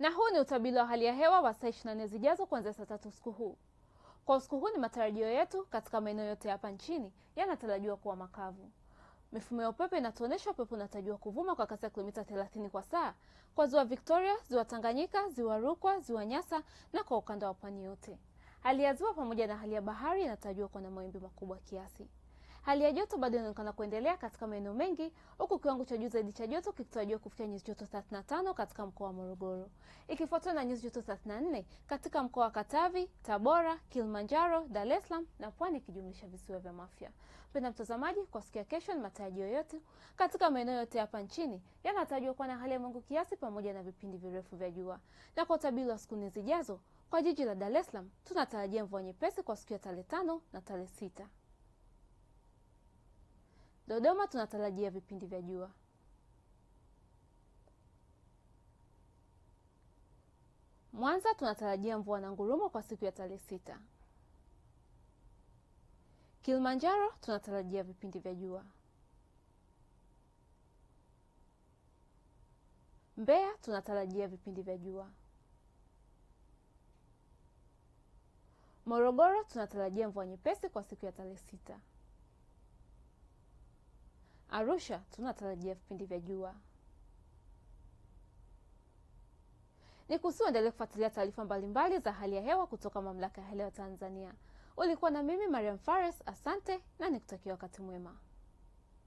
Na huu ni utabiri wa hali ya hewa wa saa 24 zijazo kuanzia saa tatu usiku huu. Kwa usiku huu ni matarajio yetu katika maeneo yote hapa nchini yanatarajiwa kuwa makavu. Mifumo ya upepo inatuonyesha upepo unatarajiwa kuvuma kwa kasi ya kilomita 30 kwa saa kwa ziwa Victoria, ziwa Tanganyika, ziwa Rukwa, ziwa Nyasa na kwa ukanda wa pwani yote. Hali ya ziwa pamoja na hali ya bahari inatarajiwa kuwa na mawimbi makubwa kiasi. Hali ya joto bado inaonekana kuendelea katika maeneo mengi huku kiwango cha juu zaidi cha joto kikitarajiwa kufikia nyuzi joto 35 katika mkoa wa Morogoro, ikifuatwa na nyuzi joto 34 katika mkoa wa Katavi, Tabora, Kilimanjaro, Dar es Salaam na Pwani ikijumlisha visiwa vya Mafia. Mpenda mtazamaji, kwa siku ya kesho, ni matarajio yote katika maeneo yote hapa nchini yanatarajiwa kuwa na hali ya mawingu kiasi pamoja na vipindi virefu vya jua. Na kwa utabiri wa siku nne zijazo, kwa jiji la Dar es Salaam tunatarajia mvua nyepesi kwa siku ya tarehe tano na tarehe sita. Dodoma tunatarajia vipindi vya jua Mwanza tunatarajia mvua na ngurumo kwa siku ya tarehe sita. Kilimanjaro tunatarajia vipindi vya jua. Mbeya tunatarajia vipindi vya jua. Morogoro tunatarajia mvua nyepesi kwa siku ya tarehe sita. Arusha tunatarajia vipindi vya jua. Ni kusi uendelee kufuatilia taarifa mbalimbali za hali ya hewa kutoka Mamlaka ya Hali ya Hewa Tanzania. Ulikuwa na mimi Mariam Phares, asante na nikutakia wakati mwema.